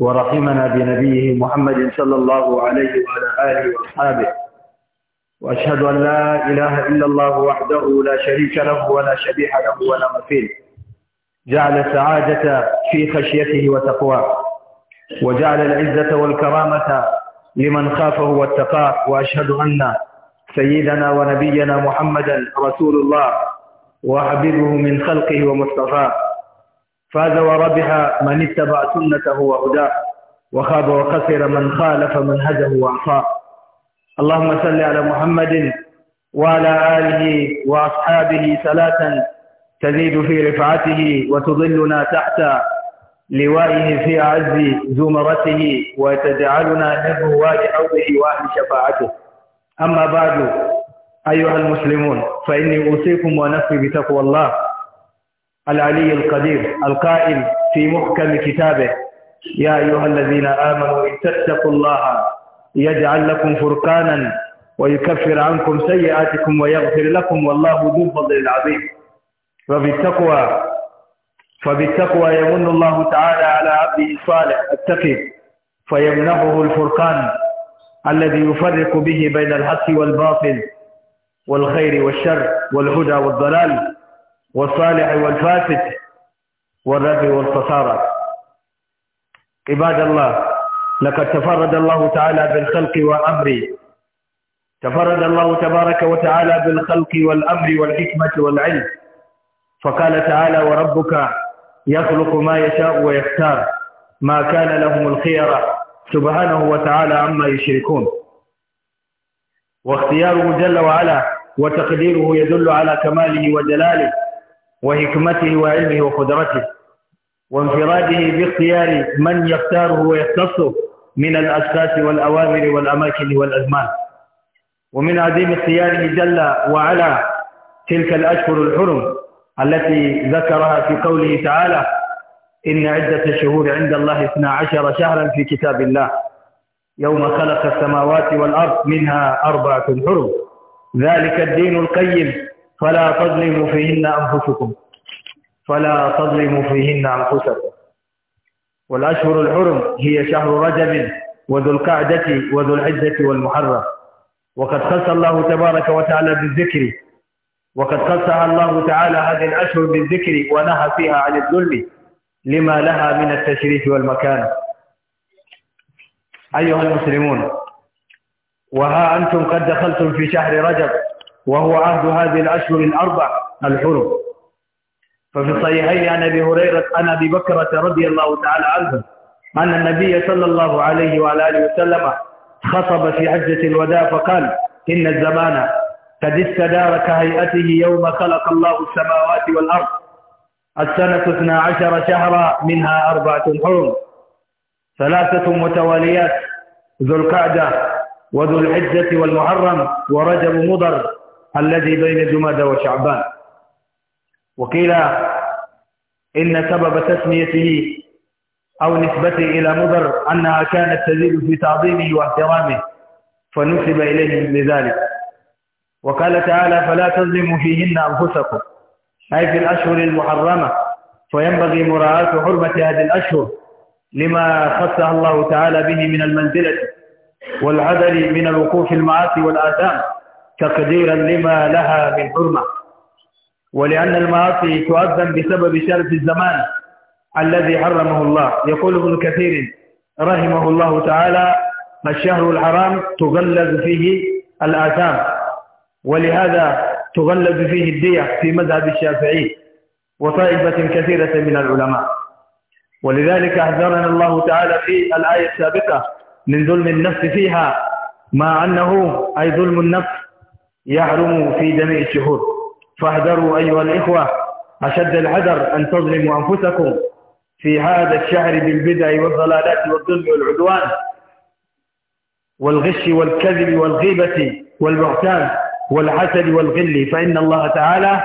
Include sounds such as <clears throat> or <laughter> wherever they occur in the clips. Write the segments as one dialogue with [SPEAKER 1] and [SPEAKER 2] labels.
[SPEAKER 1] ورحمنا بنبيه محمد صلى الله عليه وعلى آله وأصحابه وأشهد أن لا إله إلا الله وحده لا شريك له ولا شبيح له ولا مثيل جعل السعادة في خشيته وتقواه وجعل العزة والكرامة لمن خافه واتقاه وأشهد أن سيدنا ونبينا محمدا رسول الله وحبيبه من خلقه ومصطفاه فاز وربح من اتبع سنته وهداه وخاب وخسر من خالف منهجه وعصاه اللهم صل على محمد وعلى آله وأصحابه صلاة تزيد في رفعته وتظلنا تحت لوائه في أعز زمرته وتجعلنا نبه لحوضه وأهل شفاعته أما بعد أيها المسلمون فإني أوصيكم ونفسي بتقوى الله العلي القدير القائل في محكم كتابه يا أيها الذين آمنوا إن تتقوا الله يجعل لكم فرقانا ويكفر عنكم سيئاتكم ويغفر لكم والله ذو الفضل العظيم فبالتقوى فبالتقوى يمن الله تعالى على عبده الصالح التقي فيمنحه الفرقان الذي يفرق به بين الحق والباطل والخير والشر والهدى والضلال والصالح والفاسد والربي والخسارة عباد الله لقد تفرد الله تعالى بالخلق والأمر تفرد الله تبارك وتعالى بالخلق والأمر والحكمة والعلم فقال تعالى وربك يخلق ما يشاء ويختار ما كان لهم الخيرة سبحانه وتعالى عما يشركون واختياره جل وعلا وتقديره يدل على كماله وجلاله وحكمته وعلمه وقدرته وانفراده باختيار من يختاره ويختصه من الأساس والأوامر والأماكن والأزمان ومن عظيم اختياره جل وعلا تلك الأشهر الحرم التي ذكرها في قوله تعالى إن عدة الشهور عند الله 12 شهرا في كتاب الله يوم خلق السماوات والأرض منها أربعة حرم ذلك الدين القيم فلا تظلموا فيهن أنفسكم فلا تظلموا فيهن أنفسكم والأشهر الحرم هي شهر رجب وذو القعدة وذو العزة والمحرم وقد خص الله تبارك وتعالى بالذكر وقد خصها الله تعالى هذه الأشهر بالذكر ونهى فيها عن الظلم لما لها من التشريف والمكان أيها المسلمون وها أنتم قد دخلتم في شهر رجب وهو عهد هذه الأشهر الأربع الحرم ففي صحيحي عن أبي هريرة عن أبي بكرة رضي الله تعالى عنه أن النبي صلى الله عليه وعلى آله وسلم خطب في عزه الوداع فقال إن الزمان قد استدار كهيئته يوم خلق الله السماوات والأرض السنة 12 شهرا منها أربعة حرم ثلاثة متواليات ذو القعدة وذو الحجة والمحرم ورجب مضر الذي بين جمادى وشعبان وقيل إن سبب تسميته أو نسبته إلى مضر أنها كانت تزيد في تعظيمه واحترامه فنسب إليه لذلك وقال تعالى فلا تظلموا فيهن أنفسكم أي في الأشهر المحرمة فينبغي مراعاة حرمة هذه الأشهر لما خصها الله تعالى به من المنزلة والعدل من الوقوف المعاصي والآثام تقديرا لما لها من حرمة ولأن المعاصي تؤذن بسبب شرف الزمان الذي حرمه الله يقول ابن كثير رحمه الله تعالى الشهر الحرام تغلظ فيه الآثام ولهذا تغلظ فيه الدية في مذهب الشافعي وطائفة كثيرة من العلماء ولذلك أحذرنا الله تعالى في الآية السابقة من ظلم النفس فيها مع أنه أي ظلم النفس يحرم في دم الشهور فاحذروا أيها الإخوة أشد الحذر أن تظلموا أنفسكم في هذا الشهر بالبدع والضلالات والظلم والعدوان والغش والكذب والغيبة والمعتاد والعسل والغل فإن الله تعالى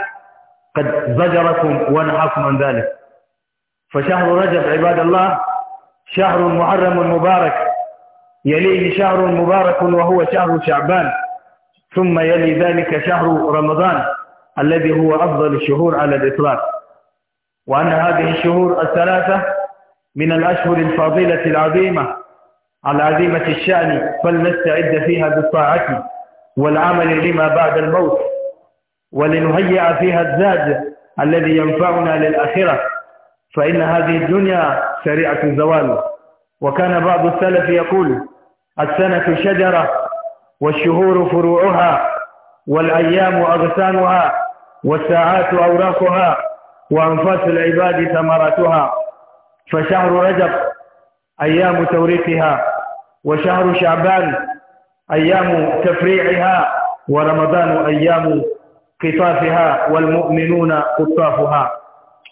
[SPEAKER 1] قد زجركم ونحاكم عن ذلك فشهر رجب عباد الله شهر محرم مبارك يليه شهر مبارك وهو شهر شعبان ثم يلي ذلك شهر رمضان الذي هو أفضل الشهور على الإطلاق وأن هذه الشهور الثلاثة من الأشهر الفاضلة العظيمة على عظيمة الشأن فلنستعد فيها بالطاعة والعمل لما بعد الموت ولنهيئ فيها الزاد الذي ينفعنا للآخرة فإن هذه الدنيا سريعة الزوال وكان بعض السلف يقول السنة شجرة والشهور فروعها والأيام أغسانها والساعات أوراقها وأنفاس العباد ثمراتها فشهر رجب أيام توريقها وشهر شعبان أيام تفريعها ورمضان أيام قطافها والمؤمنون قطافها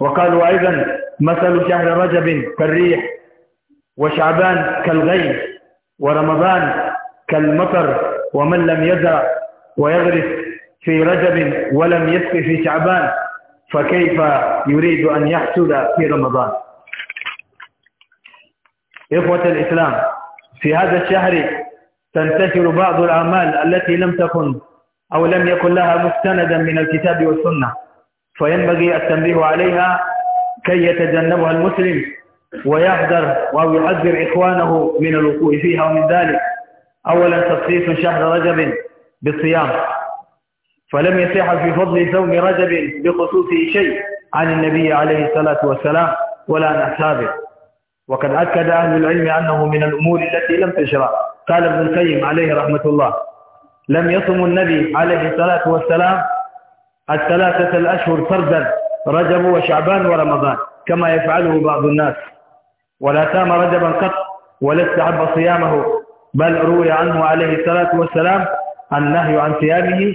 [SPEAKER 1] وقالوا أيضا مثل شهر رجب كالريح وشعبان كالغيث ورمضان كالمطر ومن لم يزرع ويغرس في رجب ولم يسقي في شعبان فكيف يريد أن يحسد في رمضان إخوة الإسلام في هذا الشهر تنتشر بعض الأعمال التي لم تكن أو لم يكن لها مستندا من الكتاب والسنة فينبغي التنبيه عليها كي يتجنبها المسلم ويحذر أو يحذر إخوانه من الوقوع فيها ومن ذلك أولا تصفيف شهر رجب بالصيام فلم يصح في فضل صوم رجب بخصوصه شيء عن النبي عليه الصلاة والسلام ولا عن أصحابه وقد أكد أهل العلم أنه من الأمور التي لم تشرع قال ابن القيم عليه رحمة الله لم يصم النبي عليه الصلاة والسلام الثلاثة الأشهر فردا رجب وشعبان ورمضان كما يفعله بعض الناس ولا سام رجبا قط ولا استحب صيامه بل روي عنه عليه الصلاة والسلام النهي عن صيامه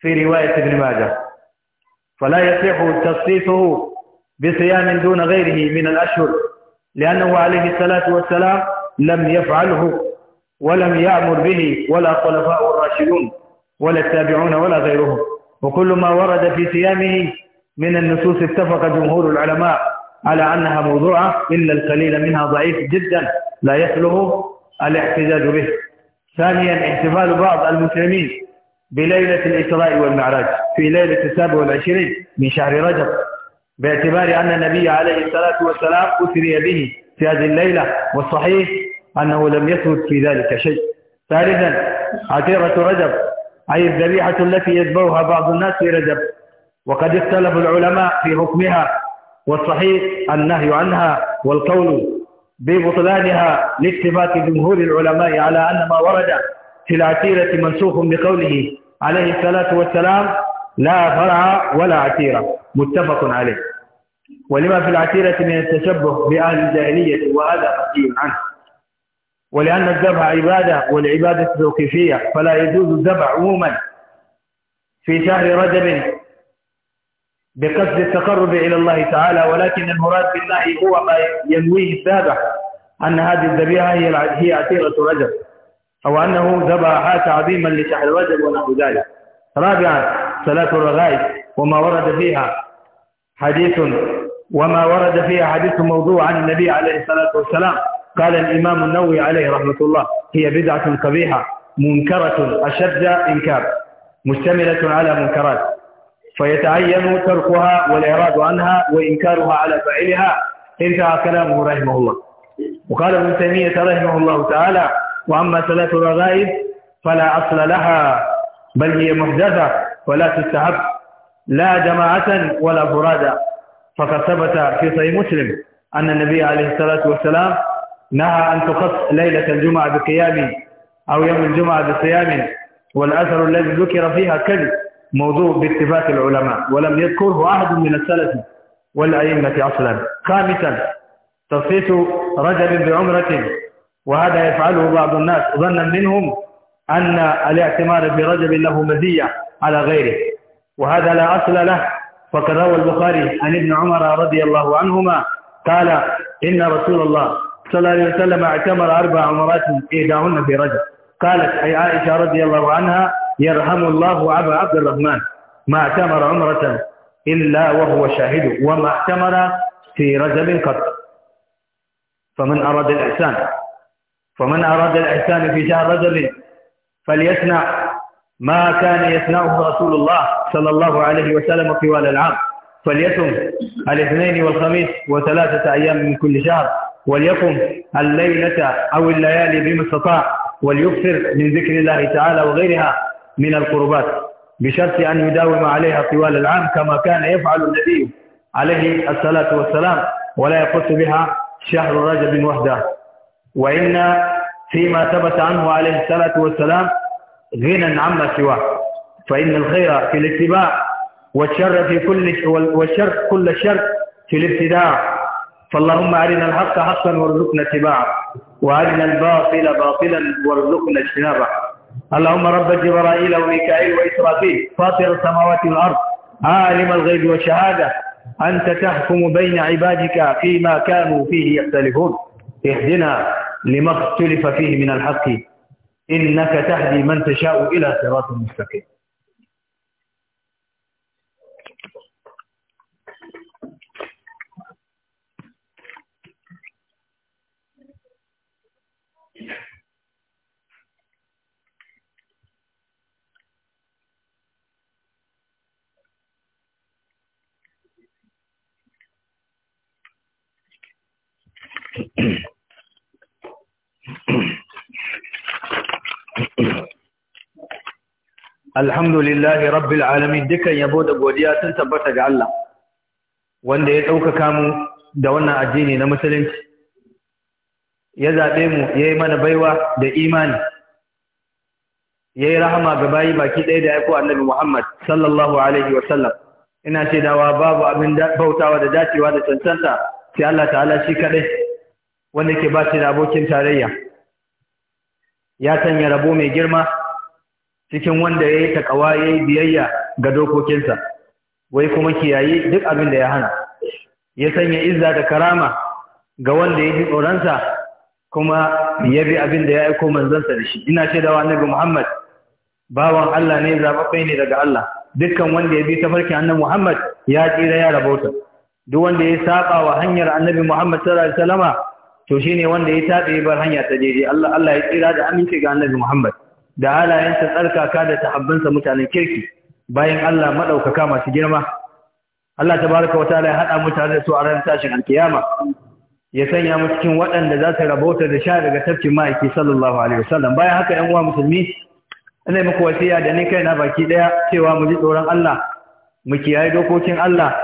[SPEAKER 1] في رواية ابن ماجه فلا يصح تخصيصه بصيام دون غيره من الأشهر لأنه عليه الصلاة والسلام لم يفعله ولم يأمر به ولا خلفاء الراشدون ولا التابعون ولا غيرهم وكل ما ورد في صيامه من النصوص اتفق جمهور العلماء على أنها موضوعة إلا القليل منها ضعيف جدا لا يخلو الاحتجاج به ثانيا احتفال بعض المسلمين بليلة الإسراء والمعراج في ليلة السابع والعشرين من شهر رجب باعتبار أن النبي عليه الصلاة والسلام أسري به في هذه الليلة والصحيح أنه لم يثبت في ذلك شيء ثالثا عتيرة رجب أي الذبيحة التي يذبوها بعض الناس في رجب وقد اختلف العلماء في حكمها والصحيح النهي عنها والقول ببطلانها لاتفاق جمهور العلماء على أن ما ورد في العتيرة منسوخ بقوله عليه الصلاة والسلام لا فرع ولا عتيرة متفق عليه ولما في العتيرة من التشبه بأهل الجاهلية وهذا منهي عنه ولأن الذبح عبادة والعبادة توقيفية فلا يجوز الذبح عموما في شهر رجب بقصد التقرب إلى الله تعالى ولكن المراد بالله هو ما ينويه الذابح أن هذه الذبيحة هي هي عتيرة رجب أو أنه ذبحات عظيما لشهر رجب ونحو ذلك رابعا صلاة الرغائب وما ورد فيها حديث وما ورد فيها حديث موضوع عن النبي عليه الصلاة والسلام قال الإمام النووي عليه رحمة الله هي بدعة قبيحة منكرة أشد إنكار مشتملة على منكرات فيتعين تركها والإعراض عنها وإنكارها على فاعلها انتهى كلامه رحمه الله وقال ابن تيمية رحمه الله تعالى وأما ثلاث الرغائب فلا أصل لها بل هي محدثة ولا تستحب لا جماعة ولا فرادا فقد ثبت في صحيح مسلم أن النبي عليه الصلاة والسلام نهى أن تخص ليلة الجمعة بقيام أو يوم الجمعة بصيام والأثر الذي ذكر فيها كذب موضوع باتفاق العلماء ولم يذكره أحد من السلف والأئمة أصلا خامسا تصفيت رجل بعمرة وهذا يفعله بعض الناس ظنا منهم أن الاعتمار برجل له مزية على غيره وهذا لا أصل له فقد روى البخاري عن ابن عمر رضي الله عنهما قال إن رسول الله صلى الله عليه وسلم اعتمر أربع عمرات إيداهن في رجل قالت أي عائشة رضي الله عنها يرحم الله أبا عبد الرحمن ما اعتمر عمرة إلا وهو شاهد وما اعتمر في رجب قط فمن أراد الإحسان فمن أراد الإحسان في شهر رجب فليصنع ما كان يصنعه رسول الله صلى الله عليه وسلم طوال العام فليصم الاثنين والخميس وثلاثة أيام من كل شهر وليقم الليلة أو الليالي بما استطاع وليكثر من ذكر الله تعالى وغيرها من القربات بشرط أن يداوم عليها طوال العام كما كان يفعل النبي عليه الصلاة والسلام ولا يقص بها شهر رجب وحده وإن فيما ثبت عنه عليه الصلاة والسلام غنى عما سواه فإن الخير في الاتباع والشر في كل والشر كل الشر في الابتداع فاللهم أرنا الحق حقا وارزقنا اتباعه وأرنا الباطل باطلا وارزقنا اجتنابه اللهم رب جبرائيل وميكائيل وإسرافيل فاطر السماوات والأرض عالم الغيب والشهادة أنت تحكم بين عبادك فيما كانوا فيه يختلفون اهدنا لما اختلف فيه من الحق إنك تهدي من تشاء إلى صراط مستقيم <clears throat> Alhamdulillahi rabbil alamin dukan yabo da godiya sun tabbata ga Allah wanda ya ɗaukaka mu da wannan addini na musulunci ya zaɓe mu ya yi mana baiwa da imani ya yi rahama ga bayi baki ɗaya da aiko annabi Muhammad sallallahu alaihi wa sallam ina ce dawa babu abin bautawa da dacewa da cancanta sai Allah ta'ala shi kaɗai wanda ke ba shi da abokin tarayya ya sanya rabo mai girma cikin wanda ya yi takawa ya yi biyayya ga dokokinsa wai kuma kiyaye duk abin da ya hana ya sanya izza da karama ga wanda ya ji tsoronsa kuma ya bi abin da ya aiko manzansa da shi ina ce da wa annabi Muhammad bawan Allah ne zaɓaɓɓai ne daga Allah dukkan wanda ya bi ta farki annabi Muhammad ya tsira ya rabauta duk wanda ya saba wa hanyar annabi Muhammad sallallahu alaihi wasallama to shine wanda ya tabe bar hanya ta daidai Allah Allah ya tsira da aminci ga Annabi Muhammad da halayensa tsarkaka da sahabbansa mutanen kirki bayan Allah maɗaukaka masu girma Allah tabaraka wataala ya hada mu tare da su a ranar tashin alkiyama ya sanya mu cikin waɗanda za su rabauta da sha daga tafkin ma'aiki sallallahu alaihi wasallam bayan haka yan uwa musulmi ina muku wasiya da ni kaina baki ɗaya, cewa mu ji tsoron Allah mu kiyaye dokokin Allah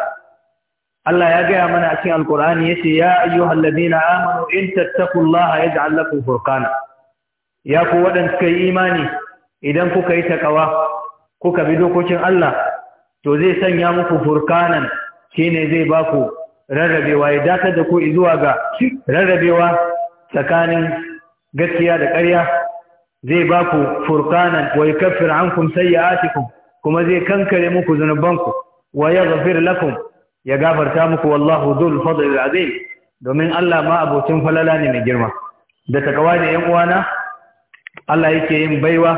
[SPEAKER 1] Allah ya gaya mana a cikin Alkur'ani yace ya ayyuhal ladina amanu in tattaqullaha yaj'al lakum furqana ya ku waɗanda suka yi imani idan kuka yi takawa kuka bi dokokin Allah to zai sanya muku furqanan shine zai ba ku rarrabewa ya dakatar da ku zuwa ga rarrabewa tsakanin gaskiya da ƙarya zai ba ku furqanan wa yukaffir ankum sayyi'atikum kuma zai kankare muku zunubanku wa yaghfir lakum ya gafarta muku wallahu dhul fadlil azim domin Allah ma abocin falala ne mai girma da takawa da ƴan uwana Allah yake yin baiwa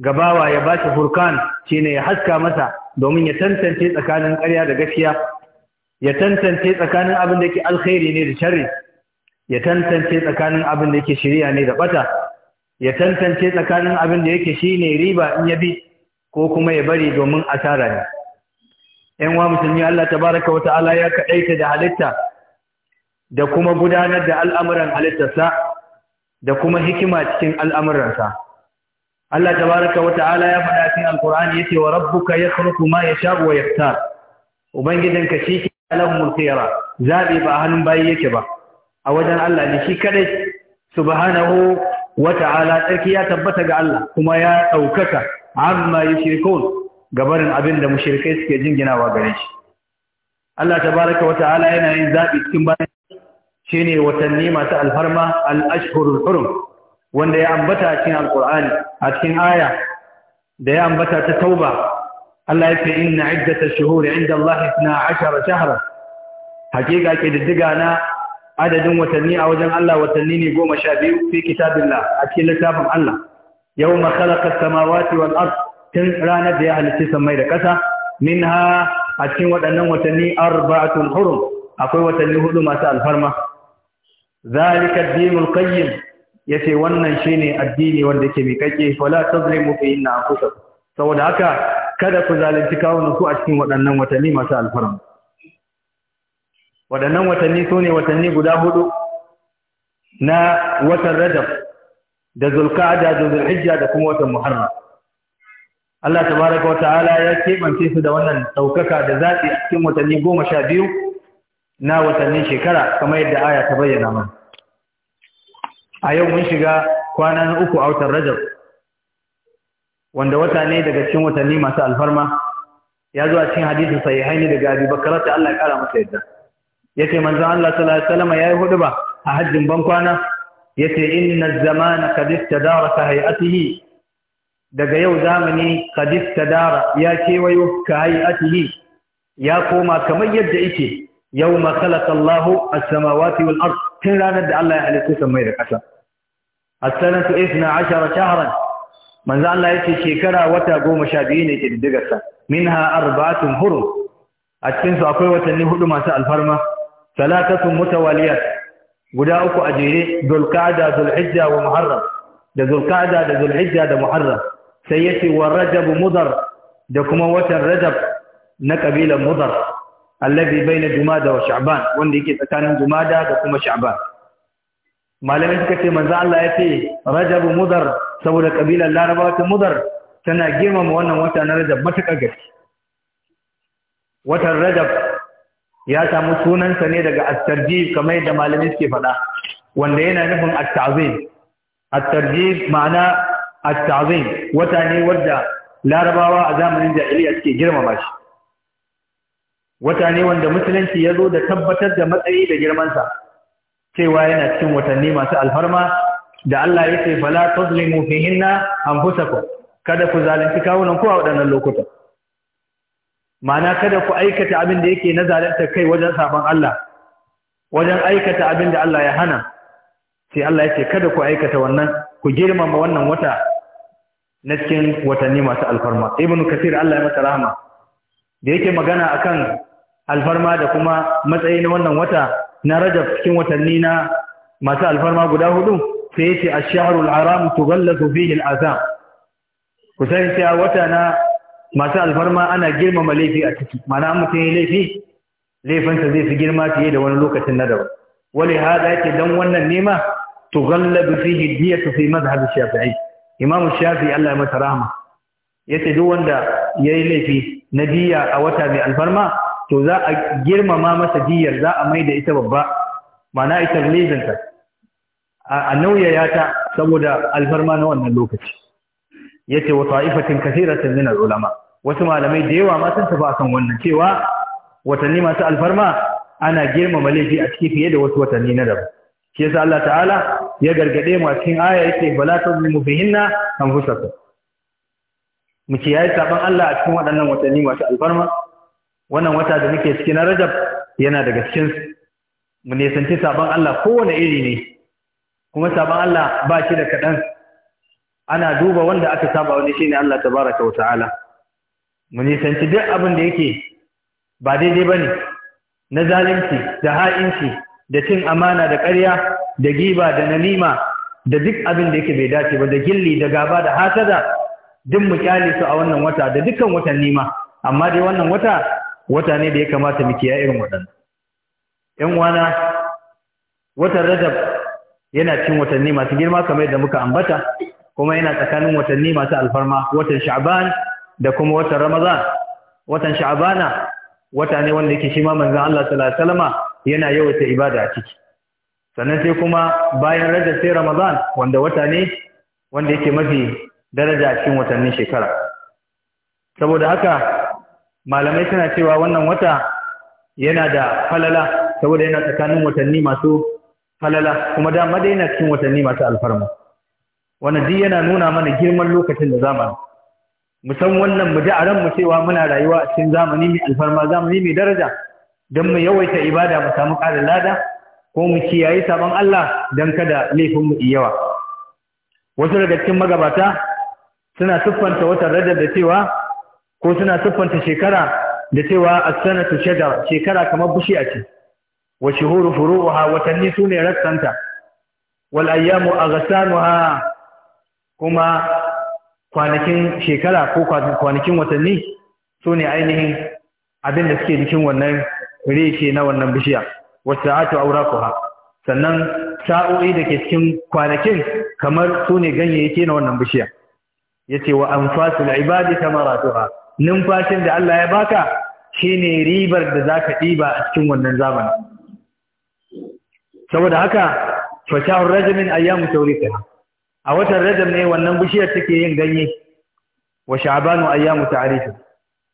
[SPEAKER 1] gabawa ya bashi furkan shine ya haska masa domin ya tantance tsakanin ƙarya da gaskiya ya tantance tsakanin abin da yake alkhairi ne da sharri ya tantance tsakanin abin da yake shari'a ne da bata ya tantance tsakanin abin da yake shine riba in ya bi ko kuma ya bari domin asara ne ‘yan wa musulmi Allah tabaraka wa ta'ala ya kaɗaita da halitta da kuma gudanar da al'amuran halittarsa da kuma hikima cikin al'amuransa. Allah tabaraka wa ta'ala ya faɗa cikin Al'ur'an ya ce wa rabbuka ya kurku ma ya sha'u wa ya fita, shi ke alamun tsera, zaɓi ba a hannun bayi yake ba, a wajen Allah ne shi kaɗai, subhanahu wa ta'ala tsarki ya tabbata ga Allah kuma ya ɗaukaka amma yushrikun gabarin abin da mushrikai suke jinginawa gare shi Allah tabaraka ala yana yin zabi cikin bayan ne watanni masu alfarma al hurum wanda ya ambata a cikin alqur'ani a cikin aya da ya ambata ta tauba Allah ya ce inna iddata shuhuri inda Allah 12 shahara. hakika ke diddiga na adadin watanni a wajen Allah watanni ne 12 fi kitabillah a cikin littafin Allah Yau makalakar samawati wal tun ranar da ya halitta samai da ƙasa minha a cikin waɗannan watanni arba'atul hurum akwai watanni hudu masu alfarma zalika dinul qayyim yace wannan shine addini wanda yake miƙaƙe wala tazlimu fi inna akusa saboda haka kada ku zalunci kawunan ku a cikin waɗannan watanni masu alfarma waɗannan watanni su ne watanni guda hudu na watan rajab da zulka'ada da zulhijja da kuma watan muharram Allah tabaraka wa ta'ala ya kebance su da wannan saukaka da zaɓi a cikin watanni goma sha biyu na watannin shekara kamar yadda aya ta bayyana mana. A yau mun shiga kwana na uku a watan Rajab wanda wata ne daga cikin watanni masu alfarma ya zo a cikin hadisin sahihaini daga Abi Bakar ta Allah ya kara masa yadda. Yace manzon Allah sallallahu ya yi yayi ba a hajjin ban kwana yace inna az-zamana qad istadaraka hay'atihi daga yau zamani kadis dara ya kewayo ka hayatihi ya koma kamar yadda yake yau ma khalaqa Allahu as-samawati wal ard tun ranar da Allah ya halitta samai da ƙasa as-sanatu 12 shahran manzo Allah yace shekara wata 12 ne kididdigar sa minha arba'atun hurum a cikin su akwai watanni hudu masu alfarma salatatun mutawaliyat guda uku a jere zulqa'da zulhijja wa muharram da zulqa'da da zulhijja da muharram sai yace wa rajab mudar da kuma watan rajab na kabilan mudar allazi baina jumada wa sha'ban wanda yake tsakanin jumada da kuma sha'ban Malamin suka ce manzo Allah ya ce rajab mudar saboda kabilan larabawa ta mudar tana girmama wannan wata na rajab matuƙa gaske watan rajab ya samu sunansa ne daga at kamar yadda malamin suke faɗa wanda yana nufin at-ta'zim at ma'ana at-ta'zim wata ne wanda larabawa a zamanin jahiliya suke girmama shi wata ne wanda musulunci ya zo da tabbatar da matsayi da girman sa, cewa yana cikin watanni masu alfarma da Allah ya ce fala tuzlimu fihinna anfusakum kada ku zalunci kawunan ku a waɗannan lokutan ma'ana kada ku aikata abin da yake na zalunta kai wajen sabon Allah wajen aikata abin da Allah ya hana sai Allah ya kada ku aikata wannan ku girmama wannan wata na cikin watanni masu alfarma ibn kasir Allah ya masa rahama da yake magana akan alfarma da kuma matsayi na wannan wata na rajab cikin watanni na masu alfarma guda hudu sai yace ash-shahru haram tughallatu fihi al-azam ku sai wata na masu alfarma ana girmama laifi a ciki mana mutum ya laifi laifinsa zai fi girma fiye da wani lokacin na daban wali hada yake dan wannan nema tughallatu fihi diyatu fi madhhab shafi'i imamu shafi Allah ya masa rahama yace duk wanda yayi laifi na diya a wata mai alfarma to za a girmama masa diyar za a mai da ita babba mana ita lezinta a nauyaya ta saboda alfarma na wannan lokaci yace wa ta'ifatin kathiratan min ulama wasu malamai da yawa ma sun tafi akan wannan cewa watanni masu alfarma ana girmama laifi a ciki fiye da wasu watanni na daban shi yasa Allah ta'ala ya gargade mu a cikin aya yake bala tuzlimu bihinna fusaka mu ce yayi saban Allah a cikin waɗannan watanni masu alfarma wannan wata da muke cikin Rajab yana daga cikin mu nisanci saban Allah kowane iri ne kuma sabon Allah ba shi da kaɗan ana duba wanda aka saba wani shine Allah tabaraka wa ta'ala mu nisanci duk abin da yake ba daidai bane na zalunci da ha'inci da cin amana da ƙarya da giba da namima da duk abin da yake bai dace ba da gilli da gaba da hasada duk mu kyale su a wannan wata da dukkan watanni ma amma dai wannan wata wata ne da ya kamata mu kiyaye irin waɗannan ƴan wana watan Rajab yana cin watanni masu girma kamar yadda muka ambata kuma yana tsakanin watanni masu alfarma watan Sha'ban da kuma watan Ramadan watan Sha'bana wata ne wanda yake shi ma manzon Allah sallallahu alaihi wasallama yana yawaita ibada a ciki sannan sai kuma bayan raja sai ramadan wanda wata ne wanda yake mafi daraja a cikin watannin shekara saboda haka malamai suna cewa wannan wata yana da falala saboda yana tsakanin watanni masu falala kuma dama dai yana cikin watanni masu alfarma wannan duk yana nuna mana girman lokacin da zamani mu wannan mu ji a mu cewa muna rayuwa a cikin zamani mai alfarma zamani mai daraja don mu yawaita ibada mu samu ƙarin lada ko mu kiyaye sabon Allah dan kada laifin mu yawa wasu daga cikin magabata suna siffanta watan Rajab da cewa ko suna siffanta shekara da cewa as-sanatu shajar shekara kamar bishiya ce wa shuhuru furu'uha watanni sune rassanta wal ayyamu aghsanuha kuma kwanakin shekara ko kwanakin watanni sune ainihin abin da suke cikin wannan reshe na wannan bishiya wasa'atu awraquha sannan sa'o'i da ke cikin kwanakin kamar su ne ganyayyaki na wannan bishiya yace wa anfasul ibadi tamaratuha numfashin da Allah ya baka shine ribar da zaka diba a cikin wannan zamani saboda haka fa sha'ur ayyamu tawrikaha a watan rajam ne wannan bishiyar take yin ganye wa sha'banu ayyamu ta'arifa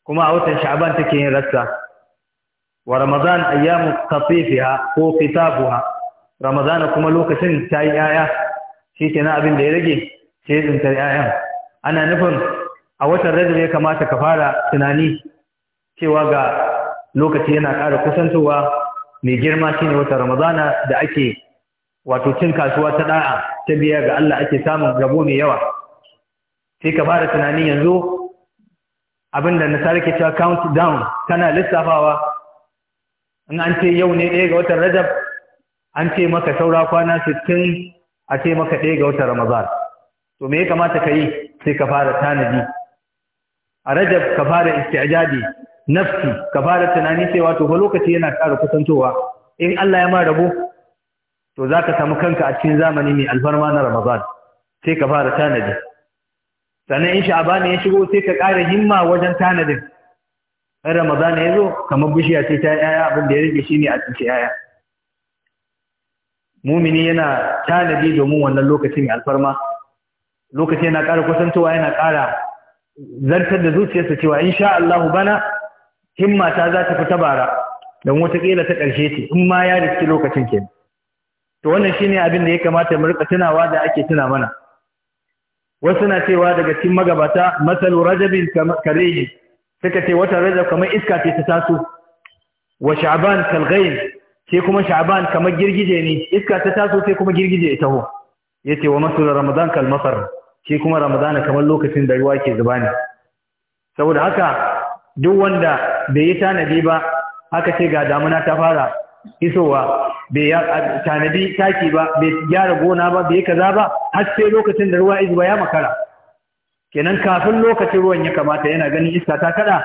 [SPEAKER 1] kuma a watan sha'ban take yin rassa wa ramadan ayyamu qatifiha ko kitabuha ramadan kuma lokacin tayi yaya shikenan abin da ya rage sai tsintar yayan ana nufin a watan rajab ya kamata ka fara tunani cewa ga lokaci yana ƙara kusantowa mai girma shine watan ramadan da ake wato cin kasuwa ta da'a ta biya ga Allah ake samun rabo mai yawa sai ka fara tunani yanzu abinda na sarki ta count down kana lissafawa in an ce yau ne ɗaya ga watan rajab an ce maka saura kwana sittin a ce maka ɗaya ga watan ramadan to me ya kamata ka yi sai ka fara tanadi a rajab ka fara isti'jadi nafsi ka fara tunani cewa to fa lokaci yana ƙara kusantowa in Allah ya ma rabu to za ka samu kanka a cikin zamani mai alfarma na ramadan sai ka fara tanadi sannan in sha'aba ne ya shigo sai ka ƙara himma wajen tanadin in ramadan ya zo kamar bishiya ce ta yaya abin da ya rage shine a cikin yaya mumini yana tanadi domin wannan lokacin alfarma lokaci yana ƙara kusantowa yana ƙara zartar da zuciyarsa cewa insha Allah bana himma ta za ta fita bara don wataƙila ta ƙarshe ce in ma ya riski lokacin ke to wannan shine abin da ya kamata mu rika tunawa da ake tuna mana wasu na cewa daga cikin magabata masalu rajabin karayhi suka ce watan rajab kamar iska ce ta taso wa sha'ban kal sai kuma sha'ban kamar girgije ne iska ta taso sai kuma girgije ya taho yace wa masul ramadan kal masar ce kuma ramadan kamar lokacin da ruwa ke zuba ne saboda haka duk wanda bai yi tanadi ba haka ce ga damuna ta fara isowa bai tanadi taki ba bai gyara gona ba bai kaza ba har sai lokacin da ruwa izuba ya makara kenan kafin lokacin ruwan ya kamata yana ganin iska ta kada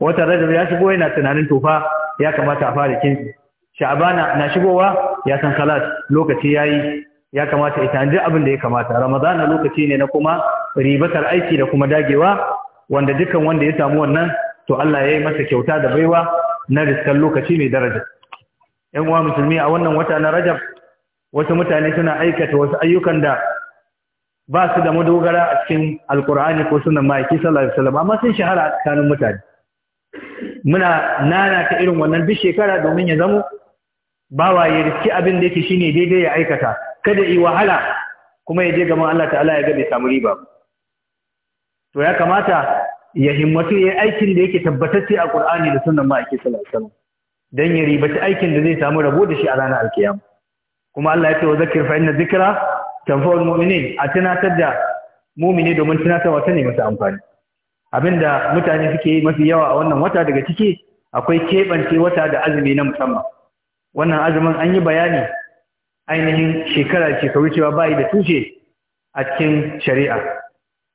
[SPEAKER 1] wata rajab ya shigo yana tunanin tufa, ya kamata a fara kin sha'abana na shigowa ya san salat lokaci yayi ya kamata ita an abin da ya kamata ramadana lokaci ne na kuma ribatar aiki da kuma dagewa wanda dukan wanda ya samu wannan to Allah ya yi masa kyauta da baiwa na riskan lokaci mai daraja yan uwa musulmi a wannan wata na rajab wasu mutane suna aikata wasu ayyukan da ba su da madogara a cikin alkur'ani ko sunan ma'aiki sallallahu alaihi wasallam amma sun shahara a tsakanin mutane muna nana ta irin wannan duk shekara domin ya zamo bawa ya riski abin da yake shine daidai ya aikata kada yi wahala kuma ya je gaban Allah ta'ala ya ga bai samu riba to ya kamata ya himmatu ya aikin da yake tabbatacce a Qur'ani da sunnan ma'aiki sallallahu alaihi wasallam dan ya aikin da zai samu rabo da shi a ranar alkiyama kuma Allah ya ce wa zakir fa inna dhikra tamfawar mu'minin a tunatar da mu'mini domin tunatar wata ne masa amfani abinda mutane suke yi mafi yawa a wannan wata daga ciki akwai keɓance wata da azumi na musamman wannan azumin an yi bayani ainihin shekara shekaru cewa bayi da tushe a cikin shari'a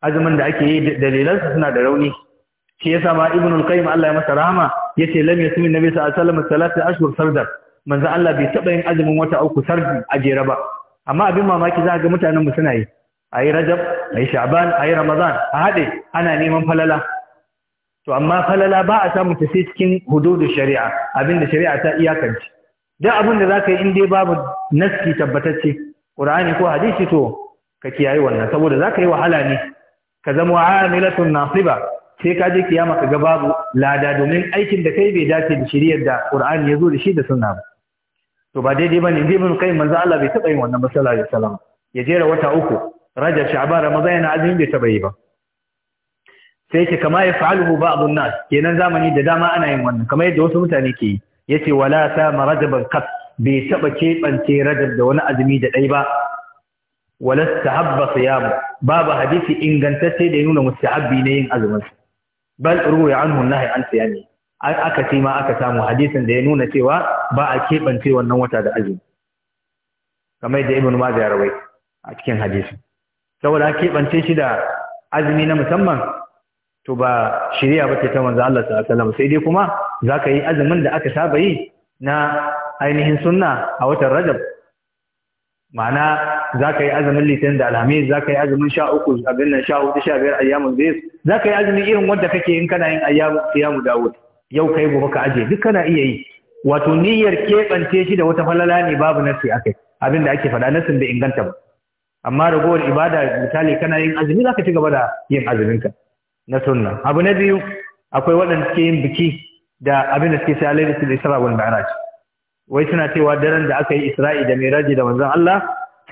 [SPEAKER 1] azumin da ake yi dalilansa suna da rauni shi yasa ma ibn al-qayyim Allah ya masa rahama yace lam yasmi nabi sallallahu alaihi wasallam salatu ashhur sardar manzo Allah bai taba yin azumin wata uku sardi a jere ba amma abin mamaki za ga mutanen mu suna yi a yi rajab a yi sha'ban a yi ramadan a haɗe ana neman falala to amma falala ba a samu ta sai cikin hududu shari'a abin da shari'a ta iyakance duk abin da za ka yi in dai babu naski tabbatacce qur'ani ko hadisi to ka kiyaye wannan saboda za ka yi wahala ne ka zama amilatun nasiba sai ka je kiyama ka ga babu lada domin aikin da kai bai dace da shari'ar da qur'ani ya zo da shi da sunna ba to ba daidai bane dai mun kai manzo Allah bai taba yin wannan masala ya salama ya jera wata uku raja sha'ban ramadan yana azumi bai taba yi ba sai ke kama ya fa'aluhu ba'dun nas kenan zamani da dama ana yin wannan kamar yadda wasu mutane ke yi yace wala ta marajaban qat bai taba keɓance rajab da wani azumi da dai ba wala tahabba siyam babu hadisi ingantacce da ya nuna mustahabbi ne yin azumin bal ruwa anhu nahi an siyami aka ce ma aka samu hadisin da ya nuna cewa ba a keɓance wannan wata da azumi kamar da ibn Majah rawai a cikin hadisi saboda a keɓance shi da azumi na musamman to ba shirya ba ce ta manzo Allah sallallahu alaihi wasallam sai dai kuma za ka yi azumin da aka saba yi na ainihin sunna a watan Rajab ma'ana za ka yi azumin litinin da alhamis za ka yi azumin sha uku abin nan sha hudu sha biyar ayyamun zai ka yi azumin irin wanda kake yin kana yin ayyamu siyamu dawud yau kai gobe ka aje duk kana iya yi wato niyyar keɓance shi da wata falala ne babu nasi akai abin da ake faɗa nasin bai inganta ba amma ragowar ibada misali kana yin azumi zaka ci gaba da yin azuminka na sunna abu na biyu akwai waɗanda suke yin biki da abin da suke sai alaihi da isra wal mi'raj wai suna cewa daren da aka yi isra'i da mi'raji da manzon Allah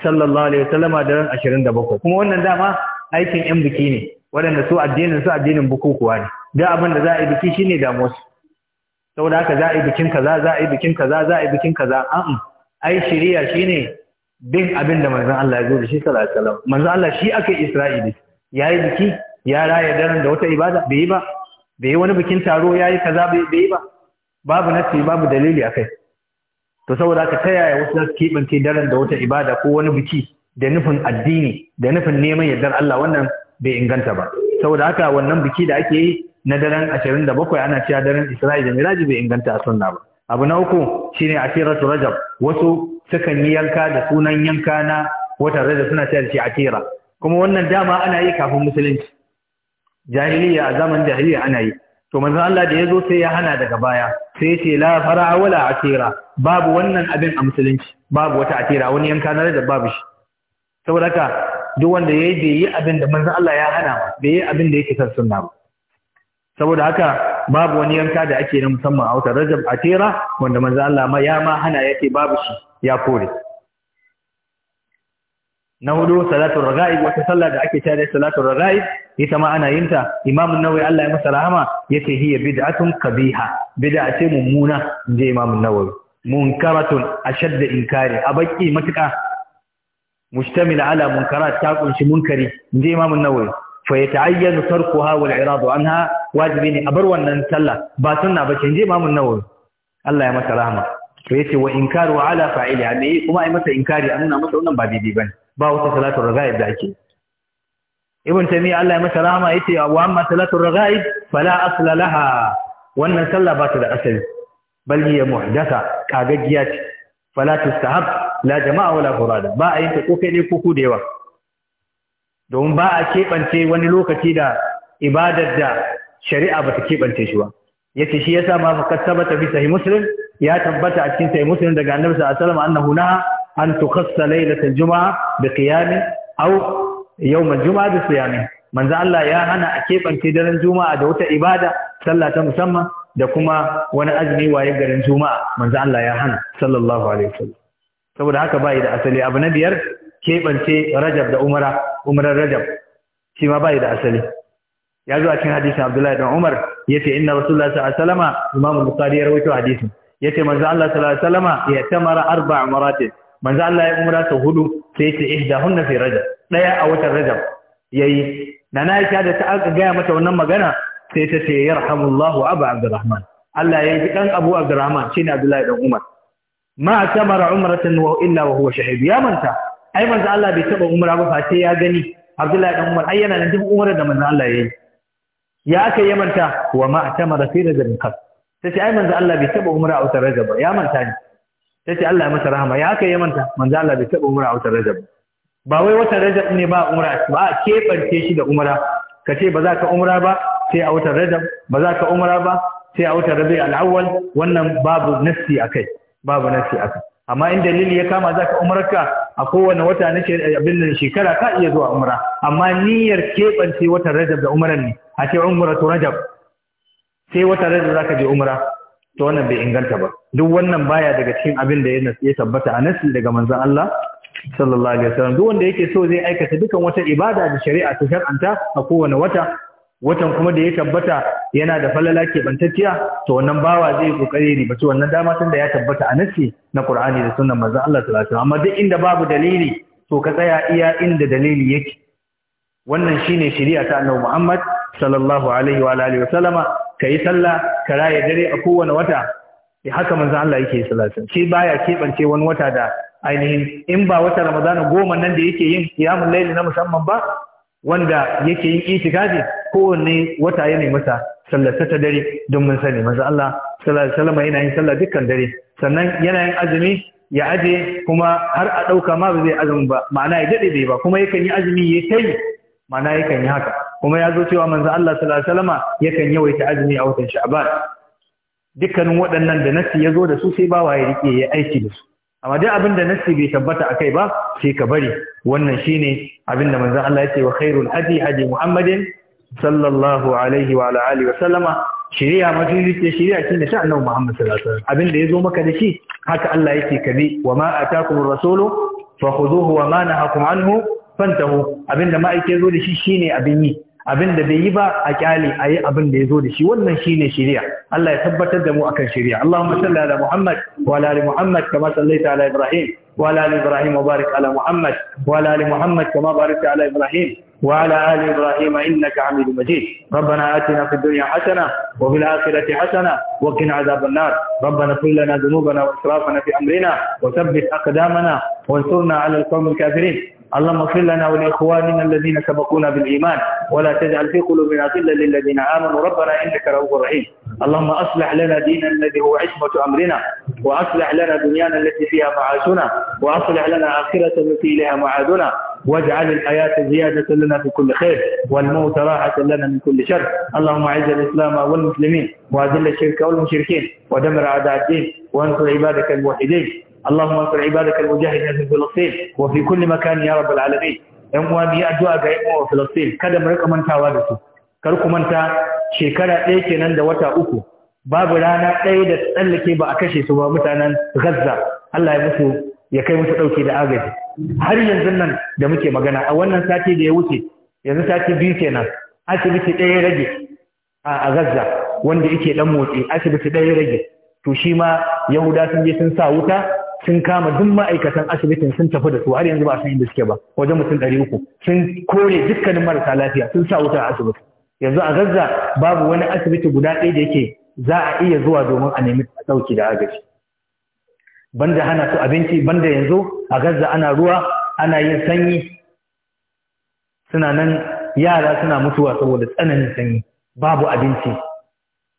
[SPEAKER 1] sallallahu alaihi wasallama daren 27 kuma wannan dama aikin yan biki ne waɗanda su addinin su addinin bukukuwa ne da abin da za a yi biki shine damuwa saboda haka za a yi bikin kaza za a yi bikin kaza za a yi bikin kaza a'a ai shiriya shine bin abin da manzon Allah ya zo da shi sallallahu alaihi wasallam manzon Allah shi aka Isra'ili yayi biki ya raya daren da wata ibada bai yi ba bai yi wani bikin taro yayi kaza bai yi ba babu nasi babu dalili akai to saboda haka ta yaya wasu zasu kibance daren da wata ibada ko wani biki da nufin addini da nufin neman yardar Allah wannan bai inganta ba saboda haka wannan biki da ake yi na daren ashirin da 27 ana cewa daren Isra'i da Miraji bai inganta a sunna ba abu na uku shine asiratu rajab wasu sukan yi yanka da sunan yanka na watan rajab suna cewa shi atira kuma wannan dama ana yi kafin musulunci jahiliya a zaman jahiliya ana yi to manzon Allah da zo sai ya hana daga baya sai ce la fara'a wala atira babu wannan abin a musulunci babu wata atira wani yanka na rajab babu shi saboda haka duk wanda ya yi bai yi abin da manzan Allah ya hana ba bai yi abin da yake kan sunna ba saboda haka babu wani yanka da ake na musamman a wata Rajab tera wanda manzan Allah ma ya ma hana yake babu shi ya kore na hudu salatul raga'ib wata sallah da ake tare salatul raga'ib ita ma ana yin ta imamun an Allah ya masa rahama yake hiya bid'atun kabiha bid'a ce mummuna inji Imam an-Nawawi munkaratun ashadda inkari abaki matuka مشتمل على منكرات تاكل شي منكري دي امام النووي فيتعين تركها والعراض عنها واجبين bar wannan sallah ba sunna bace inji imam an-nawawi Allah ya masa rahama to yace wa inkaru ala fa'ili ne kuma ai masa inkari annuna masa wannan ba daidai bane ba wata salatul raghaib da ake ibn tamiya Allah ya masa rahama yace wa amma salatul raghaib fala asla wannan sallah ba ta da asali bal hiya muhdatha kagaggiya ce fala la jama'a wala furada ba a yin ta ko kai ne ko ku da yawa domin ba a keɓance wani lokaci da ibadar da shari'a ba ta keɓance shi ba yace shi yasa ma fa kasabata fi sahih muslim ya tabbata a cikin sahih muslim daga annabi sallallahu alaihi wasallam annahu na an tukhassa lailatul juma'a bi qiyam aw yawm al-juma'a bi siyam manzo Allah ya hana a keɓance daren juma'a da wata ibada sallah ta musamman da kuma wani azumi waye garin juma'a manzo Allah ya hana sallallahu alaihi wasallam saboda haka bai da asali abu na biyar keɓance rajab da umara umarar rajab shi ma bai da asali ya zo a cikin hadisin abdullahi dan umar ya ce inna rasulullah sallallahu alaihi wasallama imam bukhari ya rawaito hadisin ya ce manzo allah sallallahu alaihi wasallama ya tamara arba maratin manzo allah ya umara sau hudu sai ya ce ihdahunna fi rajab daya a watan rajab yayi nana aisha da ta aka gaya mata wannan magana sai ta ce yarhamullahu abu abdurrahman Allah ya yi dan abu abdurrahman shine abdullahi dan umar ma tamara umratan wa illa wa huwa shahid ya manta ai manzo Allah bai taba umra ba fa sai ya gani Abdullahi dan Umar ai yana nan duk umrar da manzo Allah yayi ya aka yi manta wa ma tamara fi rajabin qad sai ai manzo Allah bai taba umra a watan Rajab ba ya manta ne sai Allah ya masa rahama ya aka yi manta manzo Allah bai taba umra a watan Rajab ba wai watan Rajab ne ba umra ba a kebance shi da umra ce ba za ka umra ba sai a watan Rajab ba za ka umra ba sai a watan Rabi'ul Awwal wannan babu nassi akai babu nasi aka amma in dalili ya kama zaka umrarka a kowane wata na abin nan shekara ka iya zuwa umra amma niyyar keɓance watan rajab da umran ne a ce umratu rajab sai watan rajab zaka je umra to wannan bai inganta ba duk wannan baya daga cikin abin da ya tabbata a nasi daga manzon Allah sallallahu alaihi wasallam duk wanda yake so zai aikata dukan wata ibada da shari'a ta shar'anta a kowane wata watan kuma da ya tabbata yana da falala keɓantacciya to wannan bawa zai yi kokari ne bace wannan dama tun da ya tabbata a nasi na Qur'ani da sunnan manzon Allah sallallahu alaihi amma duk inda babu dalili to ka tsaya iya inda dalili yake wannan shine shari'a ta Annabi Muhammad sallallahu alaihi wa alihi wasallama kai sallah ka raya dare a kowane wata eh haka manzon Allah yake sallallahu alaihi shi baya keɓance wani wata da ainihin in ba wata Ramadana goma nan da yake yin qiyamul layl na musamman ba wanda yake yin itikafi kowanne wata ya nemi masa sallar ta dare don mun sani manzo Allah sallallahu alaihi wasallam yana yin sallah dukkan dare sannan yana yin azumi ya aje kuma har a dauka ma ba zai azumi ba ma'ana ya dade bai ba kuma yakan yi azumi ya kai ma'ana yakan yi haka kuma ya zo cewa manzo Allah sallallahu alaihi wasallam yakan yawaita azumi a watan Sha'ban dukkanin waɗannan da nasi ya zo da su sai bawa ya rike ya aiki da su amma dai abin da nassi bai tabbata akai ba sai ka bari wannan shine abin da manzon Allah ya ce wa khairul hadi hadi Muhammadin sallallahu alaihi wa ala alihi wa sallama shiriya ce shiriya shine sha annabi Muhammad sallallahu alaihi wasallam abin da yazo maka da shi haka Allah yake bi. wa ma atakumur rasulu fakhuduhu wa ma nahakum anhu fantahu abin da ya zo da shi shine abin yi abin da bai yi ba a kyale a yi abin da ya zo da shi wannan shi ne shirya Allah ya tabbatar da mu akan shirya Allahumma salli ala Muhammad wa ala ali Muhammad kama sallaita ala Ibrahim وعلى آل إبراهيم وبارك على محمد وعلى آل محمد كما باركت على إبراهيم وعلى آل إبراهيم إنك حميد مجيد ربنا آتنا في الدنيا حسنة وفي الآخرة حسنة وقنا عذاب النار ربنا اغفر لنا ذنوبنا وإسرافنا في أمرنا وثبت أقدامنا وانصرنا على القوم الكافرين اللهم اغفر لنا ولإخواننا الذين سبقونا بالإيمان ولا تجعل في قلوبنا غلا للذين آمنوا ربنا إنك رؤوف رحيم اللهم أصلح لنا ديننا الذي هو عصمة أمرنا وأصلح لنا دنيانا التي فيها معاشنا وأصلح لنا آخرة التي إليها معادنا واجعل الحياة زيادة لنا في كل خير والموت راحة لنا من كل شر اللهم اعز الإسلام والمسلمين وأذل الشرك والمشركين ودمر أعداء الدين وانصر عبادك الموحدين اللهم انصر عبادك المجاهدين في فلسطين وفي كل مكان يا رب العالمين yan uwa biyu addu'a ga yan uwa Filistin kada mu rika mantawa da su kar ku manta shekara ɗaya kenan da wata uku babu rana ɗaya da tsallake ba a kashe su ba mutanen Gaza Allah ya musu ya kai musu ɗauke da agaji har yanzu nan da muke magana a wannan sati da ya wuce yanzu sati biyu kenan asibiti ɗaya rage a gaza wanda yake ɗan motsi asibiti ɗaya rage to shi ma yahuda sun je sun sa wuta sun kama duk ma'aikatan asibitin sun tafi da su har yanzu ba san inda suke ba wajen mutum ɗari uku sun kore dukkanin marasa lafiya sun sa wuta a asibiti yanzu a gaza babu wani asibiti guda ɗaya da yake za a iya zuwa domin a nemi ɗauki da agaji banda hana su abinci banda yanzu a gazza ana ruwa ana yin sanyi suna nan yara suna mutuwa saboda tsananin sanyi babu abinci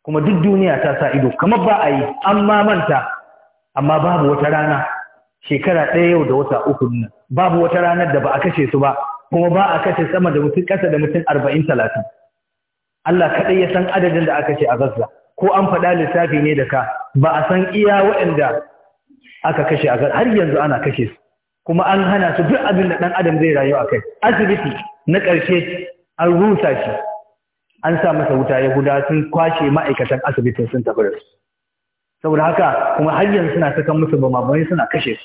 [SPEAKER 1] kuma duk duniya ta sa ido kamar ba a yi an mamanta amma babu wata rana shekara ɗaya yau da wata uku nan babu wata ranar da ba a kashe su ba kuma ba a kashe sama da mutum kasa da mutum arba'in talatin Allah kaɗai ya san adadin da aka ce a gazza ko an faɗa lissafi ne da ka ba a san iya waɗanda aka kashe a har yanzu ana kashe su kuma an hana su duk abin da ɗan adam zai rayu a kai asibiti na ƙarshe an rusa shi an sa masa wuta ya guda, sun kwashe ma'aikatan asibitin sun tafi da su saboda haka kuma har yanzu suna sakan musu bamabamai suna kashe su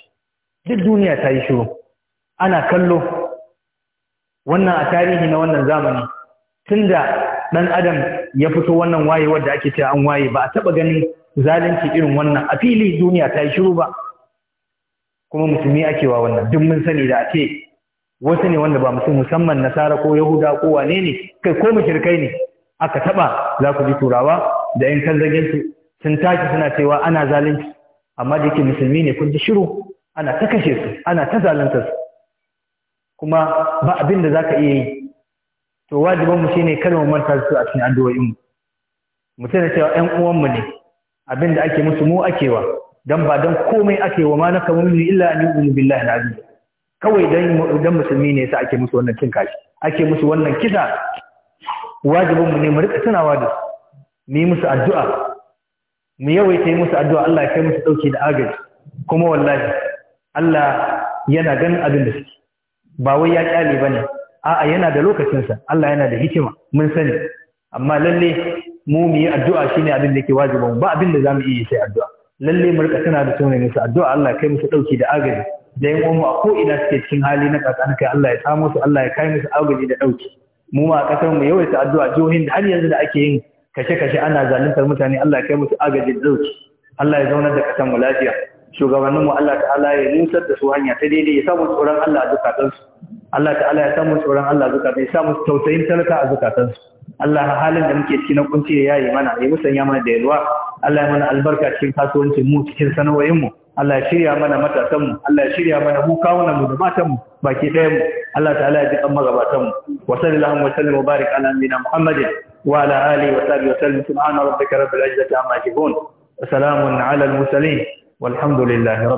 [SPEAKER 1] duk duniya ta yi shiru ana kallo wannan a tarihi na wannan zamani tunda ɗan adam ya fito wannan wayewar da ake cewa an waye ba a taɓa ganin zalunci irin wannan a fili duniya ta yi shiru ba kuma musulmi ake wa wannan duk mun sani da ake wasu ne wanda ba musu musamman nasara ko yahuda ko wane ne kai ko mushrikai ne aka taba za ku ji turawa da yan kanzagen su sun tashi suna cewa ana zalunci amma da yake musulmi ne kun ji shiru ana ta kashe su ana ta zalunta su kuma ba abin da zaka iya yi to wajibin mu shine kada mu manta su a cikin addu'o'in mu mu cewa 'yan uwan mu ne abin da ake musu mu wa dan ba dan komai ake wa ma naka mu'minu illa an yu'minu billahi al-aziz kawai dan dan musulmi ne yasa ake musu wannan cin kashi ake musu wannan kisa wajibin mu ne mu rika tunawa da su. mu yi musu addu'a mu yawaita yi musu addu'a Allah ya kai musu dauki da agaji kuma wallahi Allah yana ganin abin da suke ba wai ya kyale bane a'a yana da lokacinsa Allah yana da hikima mun sani amma lalle mu mu yi addu'a shine abin da yake wajibin ba abin da zamu iya sai addu'a lalle mu rika tana da tona musu addu'a Allah ya kai musu dauki da agaji da yan uwan a ko ina suke cikin hali na kasa kai Allah ya samu su Allah ya kai musu agaji da dauki mu ma kasar mu yawaita addu'a jihohin da har yanzu da ake yin kashe-kashe ana zaluntar mutane Allah ya kai musu agaji da dauki Allah ya zaunar da kasar mu lafiya shugabannin mu Allah ta'ala ya nusar da su hanya ta daidai ya samu tsoron Allah a zukatansu Allah ta'ala ya samu tsoron Allah a zukatansu ya samu tausayin talaka a zukatansu Allah halin da muke ciki na kunci ya yi mana ya musanya mana da yalwa Allah ya mana albarka cikin kasuwancin mu cikin sana'o'in mu Allah ya shirya mana matasan mu Allah ya shirya mana mu mu da matan mu baki ɗayan mu Allah ta'ala ya ji kan magabatan mu wa sallallahu wa sallam wa barik ala nabiyina Muhammadin wa ala alihi wa sahbihi wa sallam subhana rabbika rabbil izzati amma yasifun wa salamun ala al mursalin والحمد لله